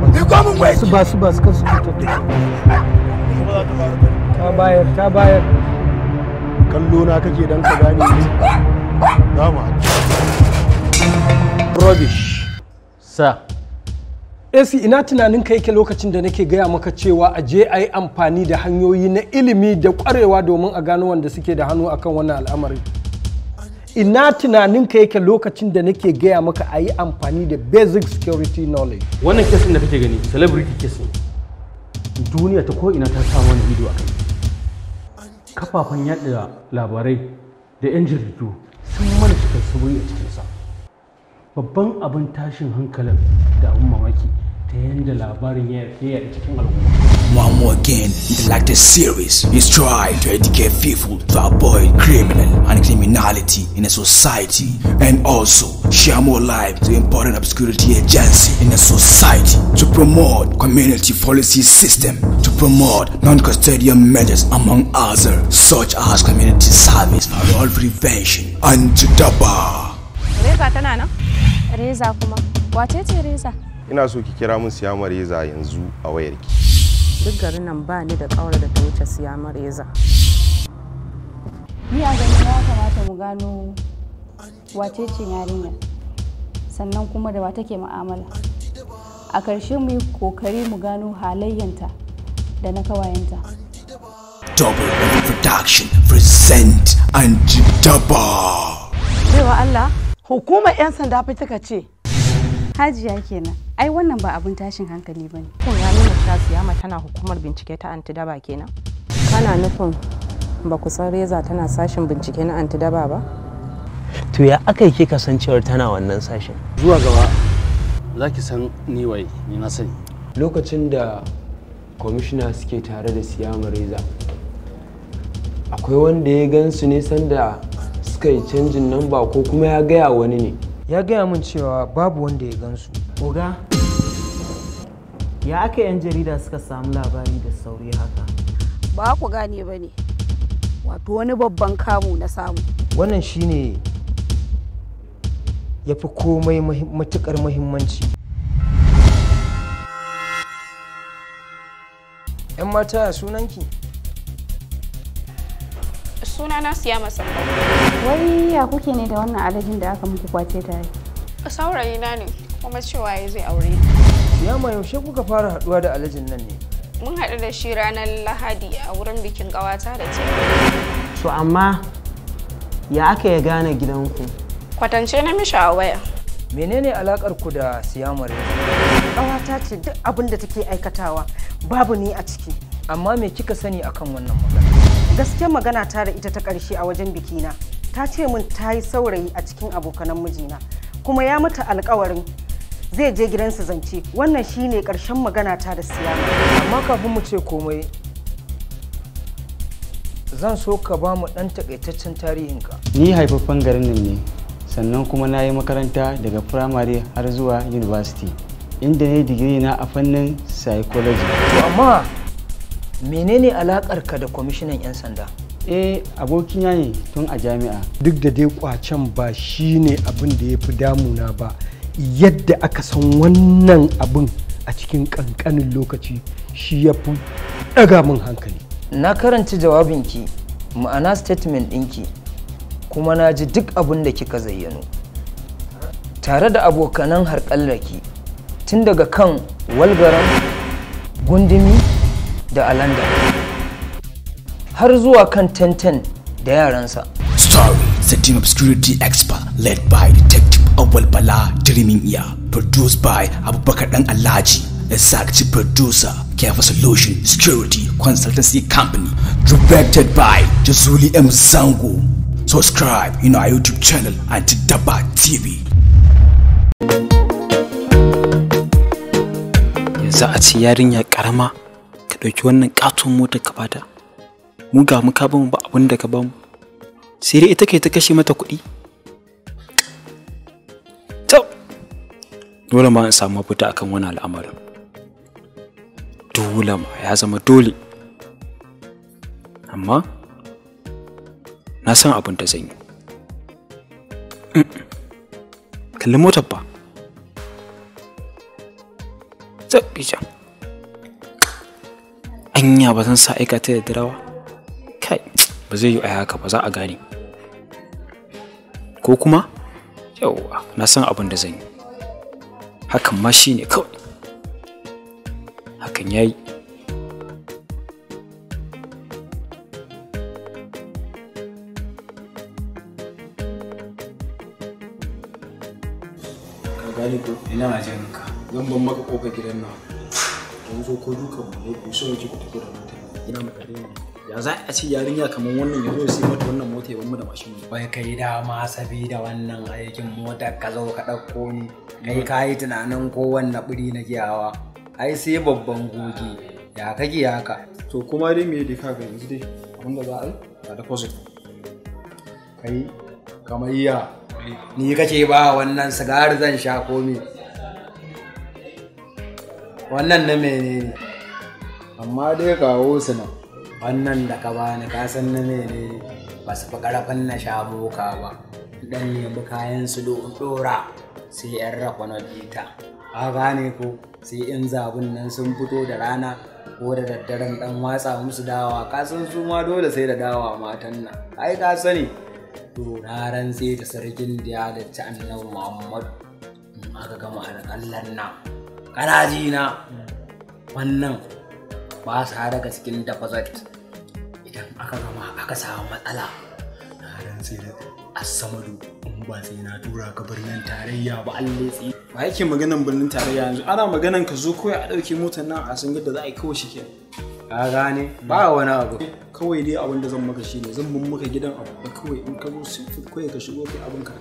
Mai komin na kake dan ka gane ni. Dama. Rubbish. Sa. AC ina tunanin ka yake lokacin da nake gaya maka cewa a je a yi amfani da hanyoyi na ilimi da kwarewa domin a gano wanda suke da hannu akan wannan al'amari. ina tunanin tunaninka yake lokacin da nake gaya maka a yi amfani da basic security knowledge wannan kesin da kake gani celebrity kesin duniya ta ina ta samu wani ido a kai kafafen yada labarai da 'yan jaridu sun mana cikar saboda a cikinsa babban abin tashin hankalin da abin mamaki One more again, like this series is trying to educate people to avoid criminal and criminality in a society and also share more life to important obscurity agency in a society to promote community policy system to promote non-custodial measures among others such as community service for all prevention and to the bar. nan? Reza kuma. Reza? ina so ki kira min siya mareza yanzu a wayarki duk garin nan ba ni da kawar da ta wuce siya mareza ni a ganin ya kamata mu gano wace ce yarinya sannan kuma da wa take mu'amala a karshe mu yi kokari mu gano halayyanta da na kawayenta double production present anti daba Allah hukumar 'yan sanda fa ce hajiya kenan ai wannan ba abin tashin hankali ba ne. Ko ya nuna cewa siyama tana hukumar bincike ta antidaba kenan? Kana nufin ba ku san reza tana sashin bincike na antidaba ba? To ya aka yi kika cewar tana wannan sashin? Zuwa gaba za ki san ni wai ni na sani. Lokacin da kwamishina suke tare da siyama reza akwai wanda ya gan su ne sanda suka yi canjin ba ko kuma ya gaya wani ne. Ya gaya min cewa babu wanda ya gan su. Oga, ya aka 'yan jarida suka samu labari da sauri haka ba ku gane ba ne wato wani babban kamu na samu wannan shine ya fi komai matukar muhimmanci 'yan mata sunanki na siya masa wai ya kuke ne da wannan alajin da aka muku kwace tare saurayina ne kuma cewa ya zai aure ya ma yaushe kuka fara haduwa da alajin nan ne mun haɗu da shi ranar lahadi a wurin bikin ƙawata da ce so amma ya aka ya gane gidanku kwatance na mishi a waya menene alakar ku da siyamar ƙawata ce duk abin da take aikatawa babu ni a ciki amma me kika sani akan wannan magana gaske magana ta da ita ta ƙarshe a wajen bikina ta ce min ta yi saurayi a cikin abokanan mijina kuma ya mata alkawarin zai je gidansa zance wannan shine karshen magana ta da siyama amma kafin mu ce komai zan so ka ba mu dan takaitaccen tarihinka ni haifaffen garin nan ne sannan kuma na yi makaranta daga firamare har zuwa university inda ne digiri na a fannin psychology amma menene alakarka da kwamishinan 'yan sanda eh abokina ne tun a jami'a duk da dai kwacen ba shi ne abin da ya fi damuna ba yadda aka san wannan abin a cikin kankanin lokaci shi ya fi daga min hankali na karanci jawabinki ma'ana statement ɗinki kuma na ji duk abin da kika zayyano tare da abokanan harƙallaki tun daga kan walgaran gundumi da alanda har zuwa kan Tenten da yaransa story the team of security expert led by detective Awal Bala Dreaming ya produced by Abubakar Dan Alaji, executive producer, Care Solution Security Consultancy Company, directed by Jazuli M. Zango. Subscribe in our YouTube channel and Daba TV. Yanzu a ce yarinya karama ka ɗauki wannan ƙaton mota ka bata. Mu ga ka bamu ba abin da ka bamu. Sai dai ita ke ta kashe mata kuɗi. dole ma in samu mafita akan wani al'amarin dole ma ya zama dole amma na san abin da zan yi kalli motar ba zaɓi can anya ba zan sa aikata da dirawa kai ba zai yi a haka ba za a gane ko kuma yauwa na san abin da zan yi hakan ma shi ne kawai hakan ya yi ina a ka zan ban maka kofar gidan nan zo ko dukan mu ne ko so ku tafi da mutane ina mu kare ya za a ce yarinya kamar wannan ya zo sai mata wannan mota ya mu da mashin mu bai kai dama sabida wannan aikin mota ka zo ka ɗauko ni kai ka yi tunanin ko wannan buri na giyawa ai sai babban goge ya kage haka to kuma dai me da kaga yanzu dai abinda za a yi ga deposit kai kamar iya ni kace ba wannan sigari zan sha komi wannan na menene ne amma dai kawo wasu nan wannan da ka bani ka san na ne ba su fi karfin na sha boka ba dan nemi kayan su dora sai yan na dita a gane ko sai in zabun nan sun fito da rana ko da daddaren dan watsa musu dawa ka san su ma dole sai da dawa matan nan ai ka sani to na rantse da sarkin da ya da ci annabi muhammadu in aka gama alƙallan nan kana ji na wannan Ba hada daga cikin deposit idan aka gama aka samu matsala na sai da asamadu in ba sai na tura ka birnin tarayya ba alle ba yake maganan birnin tarayya yanzu ana maganan ka zo kawai a ɗauke motar nan a san yadda za a yi kawai shike ka gane ba wani abu kawai dai abin da zan maka ne zan mun maka gidan abu ba kawai in ka zo sai kawai ka shigo kai abin ka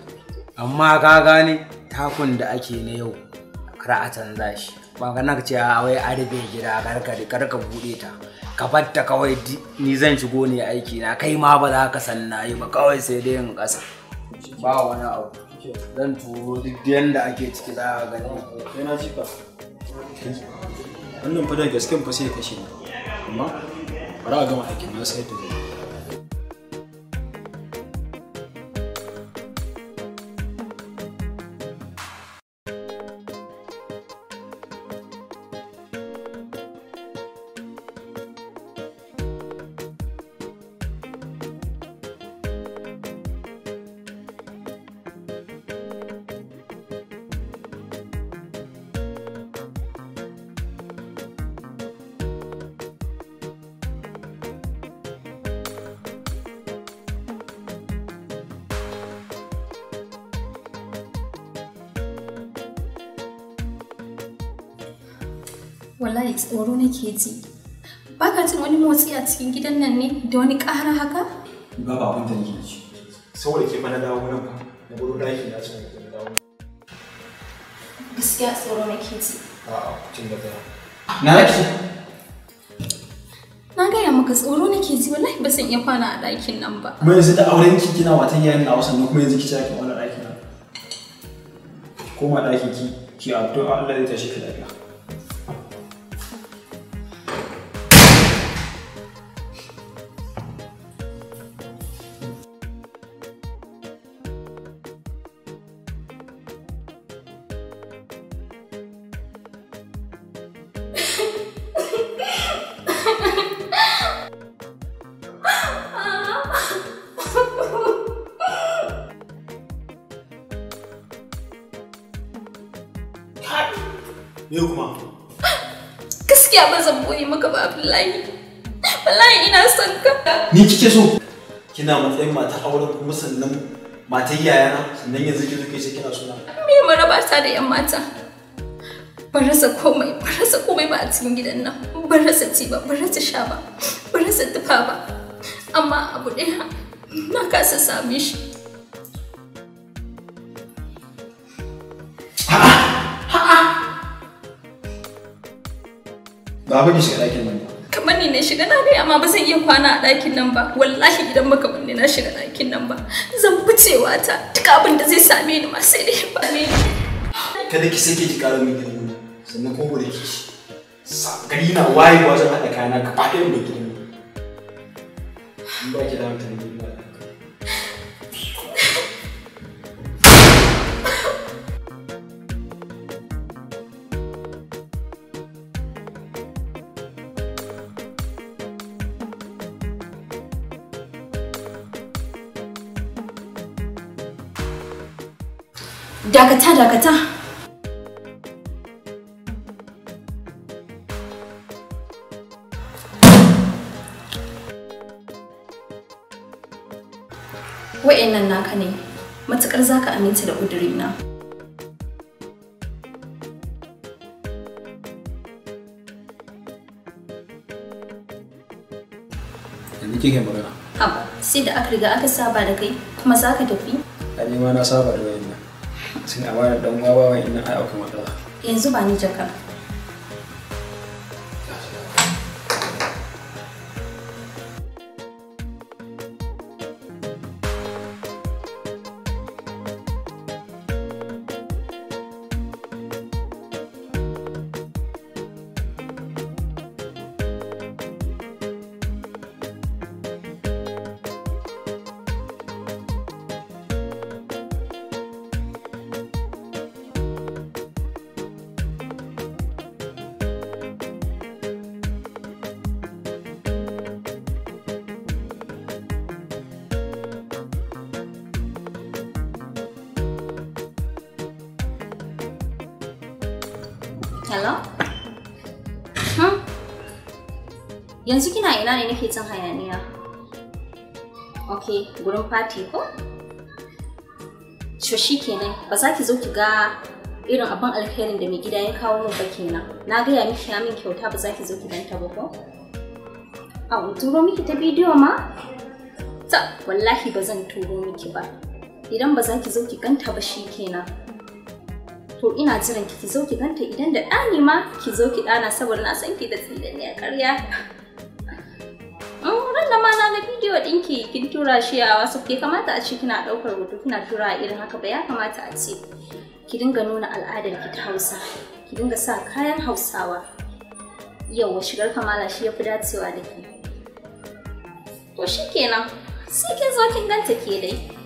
amma ka gane takun da ake na yau ra'atan zashi ba kana nan ce a wai a rufe gida karka karka bude ta ka fatta kawai ni zan shigo ne aiki na kai ma ba za ka san nayi ba kawai sai dai in kasa ba wani abu zan turo duk yanda ake ciki za ka gani sai na ci wannan fa da gasken fa sai kashe amma ba za a gama aikin na sai ta da wallahi tsoro nake ji ba ka jin wani motsi a cikin gidan nan ne da wani ƙara haka ba ba abin da nake ji saboda ke mana dawo nan ba na gudu daki na cin gudu dawo gaskiya tsoro nake ji a'a cin da ta na ki na gaya maka tsoro nake ji wallahi ba san iya kwana a ɗakin nan ba mai yanzu da auren ki kina watan yayin na wasan kuma yanzu ki ci ake wani ɗakin nan koma ɗakin ki ki addu'a Allah zai tashi ki lafiya gaskiya ba zan boye maka ba Abdullahi. Wallahi ina son ka. Ni kike so? Kina matsayin mata auren kuma sannan matar yayana sannan yanzu ki zuke sai kina suna. Me mara ba ta da 'yan mata? Ban rasa komai, ban rasa komai ba a cikin gidan nan. Ban rasa ci ba, ban rasa sha ba, ban rasa tufa ba. Amma abu ɗaya na kasa same shi. ba ba shiga ɗakin nan ba kamar ni na shiga ɗakin amma ba zan iya kwana a ɗakin nan ba wallahi idan baka banne na shiga ɗakin nan ba zan ficewa ta duk abin da zai same ni ma sai dai ba ne kada ki sake ki ƙara min ilimi sannan kuma da ki gari na wayewa zan haɗa kayana ka faɗi mai gidan ba ki da hankali ba dakata dakata wa'annan naka ne matukar zaka aminta da ƙudurina yanzu kike magana haba sai da aka riga aka saba da kai kuma zaka tafi ma na saba da wani sun a da dan uwa ba wai ai akwai matsala yanzu ba ni jaka Hello? Hmm? Yanzu kina ina ne nake jin hayaniya? Okay, gurin fati ko? Shoshi kenan, ba za ki zo ki ga irin abin alherin da mai gida ya kawo min ba Na gaya miki ya min kyauta ba za ki zo ki danta ba ko? A turo miki ta bidiyo ma? Ta, wallahi ba zan turo miki ba. Idan ba za ki zo ki ganta ba shi kenan. to ina jiran ki zo ki ganta idan da ɗani ma ki zo ki ɗana saboda na san ki da a ƙarya mm, ran da ma na ga bidiyo ɗinki kin tura shi a wasu ke kamata a ce kina ɗaukar hoto kina tura a irin haka ba ya kamata a ce ki dinga nuna al'adar ki ta hausa ki dinga sa kayan hausawa yawa shigar kamala shi ya fi dacewa da ke to shi kenan sai kin zo kin ganta ke dai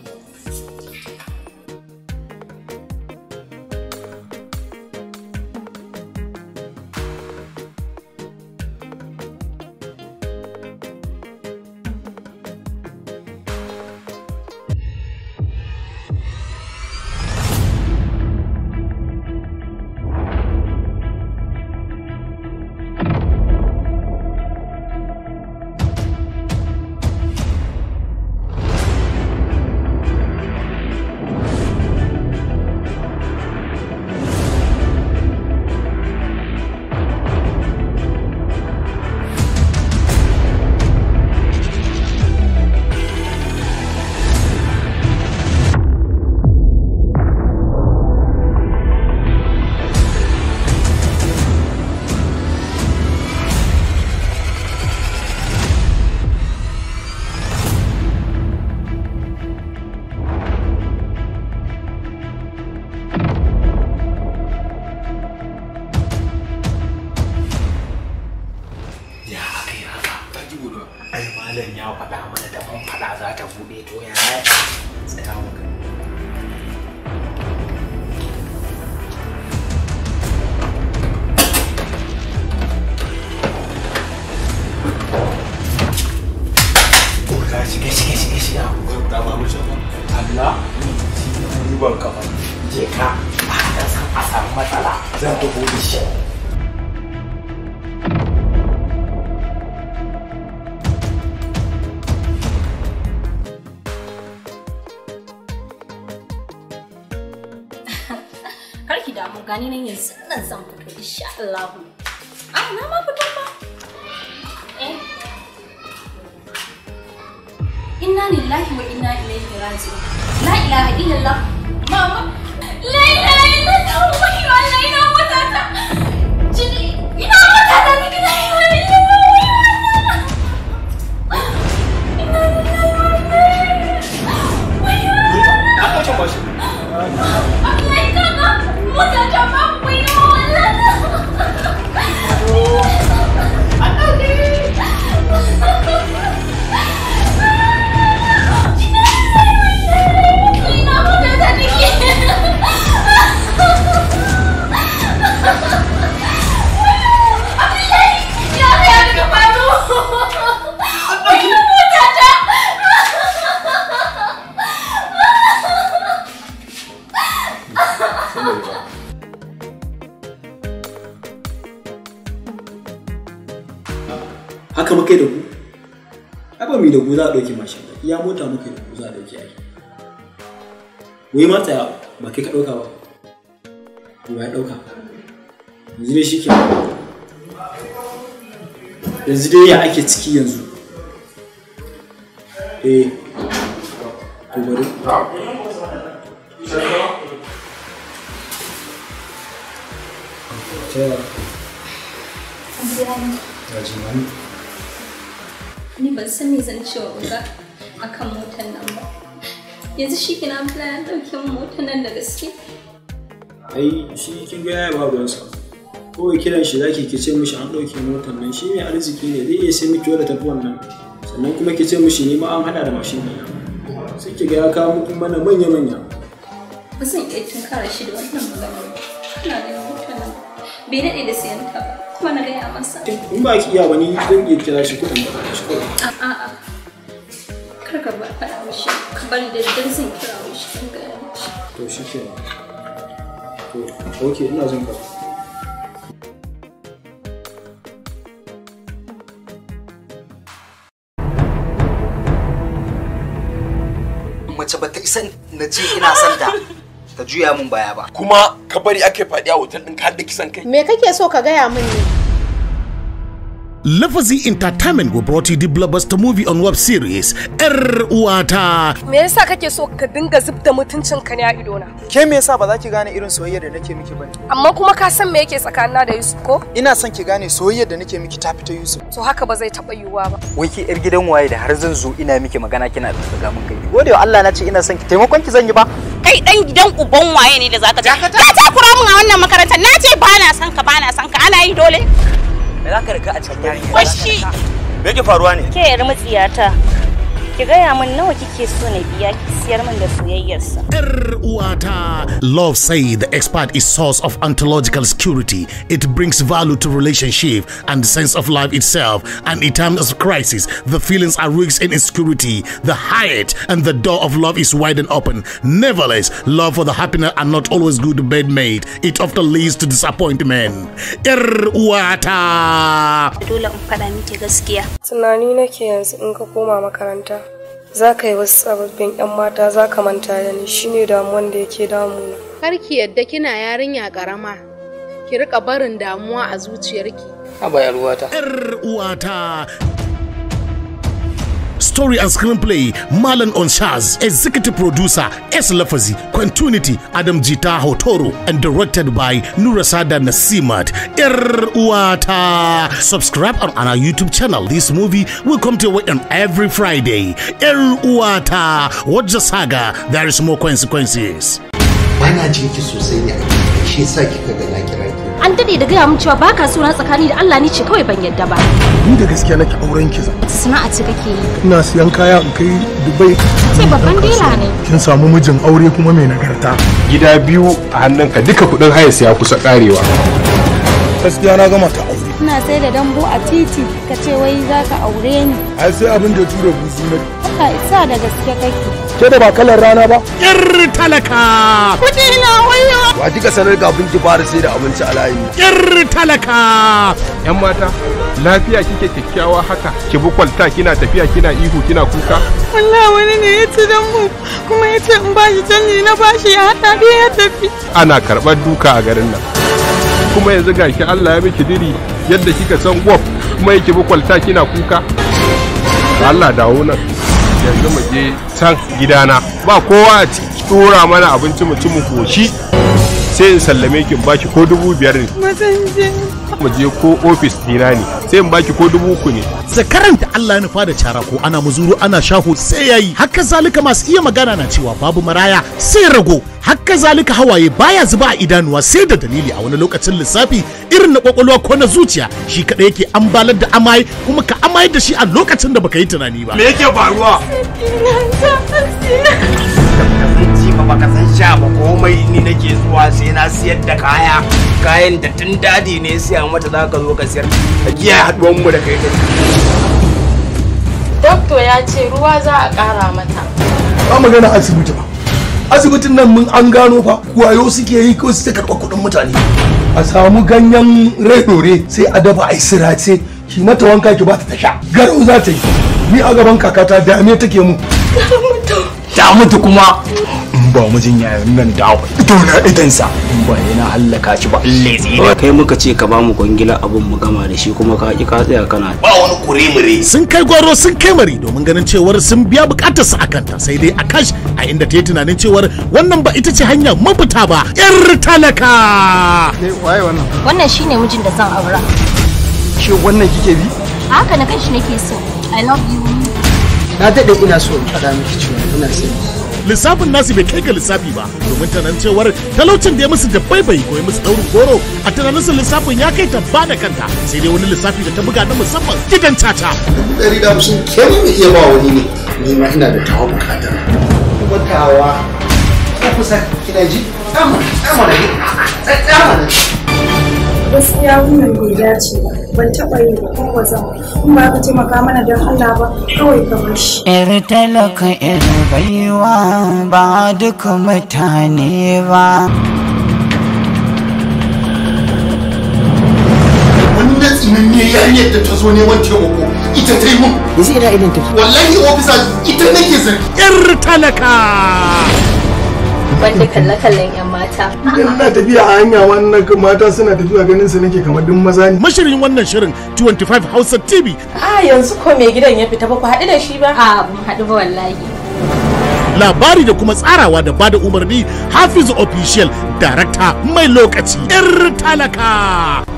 na ribar kafa je ka a san a samu matsala zan tafi da shi karki damu gani nan yanzu nan zan fito insha Allah ai na ma fito inna lillahi wa inna ilaihi raji'un la ilaha illallah mama la ilaha illallah wa oh la ilaha illallah haka muka da ku ai za a ɗauki mashin da iya mota muka za a ɗauki ai wai ma tsaya ba kai ka ɗauka ba ba ya ɗauka yanzu dai shi ke yanzu dai ya ake ciki yanzu eh to bari Yeah, ni ban san me zan ce wa a kan motar nan ba yanzu shi kina fila ya ɗauke min motar nan da gaske ai shi kin ga yaya ba ruwansa kawai kiran shi zaki ki ce mishi an ɗauke motar nan shi ne arziki ne zai iya sai miki wadda tafi wannan sannan kuma ki ce mishi ne ma an haɗa da mashin ne sai ki ga ya kawo muku mana manya-manya ba zan iya tunkara shi da wannan magana ba ina ganin motar nan bai naɗe da siyan ba kuma gaya masa. Eh, in ba ki iya wani zan iya kira shi kuɗin ba shi kawai. A'a. Ah, ah, ah. Kar ka ba faɗa mishi ka bari da dan zan kira mishi kan gaya mishi. To shi ke. To ok ina Mace ba isa na ce ina son ta. ka juya mun baya ba kuma ka bari ake faɗi a hotel ɗin ka da kisan kai me kake so ka gaya mun ne Lafazi Entertainment will brought you the blockbuster movie on web series Er Uwata. Me yasa kake so ka dinga zubta mutuncin ka ne a na? Ke me yasa ba za ki gane irin soyayya da nake miki bane? Amma kuma ka san me yake tsakanina da Yusuf ko? Ina son ki gane soyayya da nake miki ta fita Yusuf. To haka ba zai taɓa yiwuwa ba. Wai ki ‘yar gidan waye da har zan zo ina miki magana kina da tsaga mun kai. Gode wa Allah na ce ina son ki taimakon ki zan yi ba. Kai dan gidan uban waye ne da zaka ta? Ka ta kura mun a wannan makarantar na ce ba na son ka ba na son ka ana yi dole. Me za ka riga a cikin yarinya? Washi! Me yake faruwa ne? Ke yar mutsiyata. ki min nawa kike so na biya ki siyar min da soyayyarsa. uwata. Love Say the expert is source of ontological security. It brings value to relationship and sense of life itself. And in times of crisis, the feelings are rigs in insecurity. The height and the door of love is wide and open. Nevertheless, love for the happiness are not always good bedmate. It often leads to disappointment. Yar uwata. Dole in faɗa miki gaskiya. Tunani nake yanzu in ka koma makaranta. za ka yi wasu sababbin 'yan mata za ka manta da ni shine damuwan da yake damuna. Kar ki yadda kina yarinya karama ki rika barin damuwa a zuciyarki. Haba 'yar uwata. 'Yar uwata. story and screenplay Malan Onshaz, executive producer S. Lafazi, Quantunity Adam Jita Hotoro, and directed by Nurasada Nasimat. Irwata. Subscribe on our YouTube channel. This movie will come to you on every Friday. Irwata. Watch the saga. There is more consequences. Bana jinki sosai ne a shi yasa kika ga na an dade da gaya min cewa ba ka suna tsakani da Allah ni ce kawai ban yadda ba ni da gaskiya nake auren ki sana'a ce kake yi ina siyan kaya in kai Dubai ce babban dila ne kin samu mijin aure kuma mai nagarta gida biyu a hannunka duka kuɗin haya siya kusa karewa gaskiya na gama ta kana sai da dambu a titi ka ce wai za ka aure ni ai sai abin da tura buzu na ka isa da gaske kake ke da ba kalar rana ba ir talaka kudi na wayo wa kika sanar ga abin ki fara sai da abinci a layi talaka yan mata lafiya kike kyakkyawa haka ki bi kwalta kina tafiya kina ihu kina kuka wallahi wani ne ya ci dambu kuma ya ce in ba shi canji na ba shi ya hada da ya tafi ana karbar duka a garin nan kuma yanzu gashi Allah ya miki diri yadda kika san gwaf kuma yake bukwalta kina kuka Allah dawo nan yanzu mu je can gidana ba kowa a tura mana abinci mu ci mu koshi sai in sallame ki baki ko dubu biyar ne mu je ko ofis dina ne sai in baki ko dubu uku ne zakaran da Allah ya nufa da cara ko ana muzuru ana shahu sai yayi haka zalika masu iya magana na cewa babu maraya sai rago haka zalika hawaye baya zuba a idanuwa sai da dalili a wani lokacin lissafi irin na kwakwalwa ko na zuciya shi kadai yake ambalar da amai kuma ka amai da shi a lokacin da baka yi tunani ba me yake faruwa fa baka san sha ba komai ni nake zuwa sai na siyar da kaya kayan da tun dadi ne siya mata za ka zo ka siyar ka giya haduwan mu da kai kai dokto ya ce ruwa za a kara mata ba magana asibiti ba asibitin nan mun an gano fa wayo suke yi ko suke karɓa kuɗin mutane a samu ganyen redore sai a dafa a sirace shi mata wanka ki ba ta sha. garo za ta yi ni a gaban kakata dame take mu ta mutu kuma in ba mijin yayin nan da idan sa in ba yana hallaka shi ba Allah tsira kai muka ce ka ba mu gwangila abun mu gama da shi kuma ka ki ka tsaya kana ba wani kuremure sun kai gwaro sun kai mari domin ganin cewar sun biya bukatar su akan ta sai dai akash a inda ta yi tunanin cewar wannan ba ita ce hanya mafita ba yar talaka wannan wannan shine mijin da zan aura shi wannan kike bi haka na kanshi nake so i love you na daɗe ina so in faɗa miki cewa ina sani lissafin nasu bai kai ga lissafi ba domin tunanin cewar talaucin da ya musu da baibai ko ya musu ɗaurin goro a tunaninsu lissafin ya kai ba da kanta sai dai wani lissafi da ta buga na musamman gidan caca. dubu ɗari da hamsin kenan mu iya ba wani ne ni ma ina da tawa bukata. kuma tawa ko kusa kina ji tsama tsama da tsama da. gaskiya wannan bai dace ba ban taɓa yi ba kuma zan in ba ka taimaka mana don Allah ba kawai ka bashi. Yar talaka iri baiwa ba duka mutane ba. Wannan tsinanne yariyar da ta zo neman taimako ita ta yi mun. Yanzu ina idan ta. Wallahi ofisa ita nake zargi. Yar talaka. banda kalle-kallen 'yan mata. Ina tafiya a hanya wannan mata suna tafiya ganin su nake kamar duk maza ne. Mashirin wannan shirin 25 Hausa TV. A yanzu ko mai gidan ya fita ba ku haɗu da shi ba? A mu haɗu ba wallahi. Labari da kuma tsarawa da bada umarni hafizu Official Director mai lokaci 'yar talaka.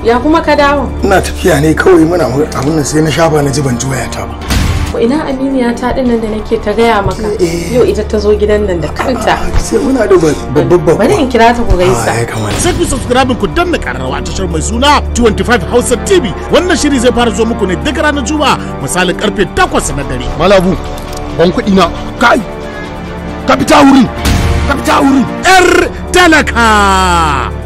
Ya kuma ka dawo? Ina tafiya ne kawai muna abin sai na shafa na ji ban ji wayata ba. ina ya ta dinnan nan da nake ta gaya maka eh. yau ita ta zo gidan nan da kanta sai muna da babban babba bari in kira ta ku gaisa ah, sai ku subscribe ku danna karrawa ta shirin mai suna 25 Hausa TV wannan shiri zai fara zo muku ne duk ranar Juma'a misali karfe 8 na dare malabu ban kuɗi na kai ka fita wurin ka fita wurin yar talaka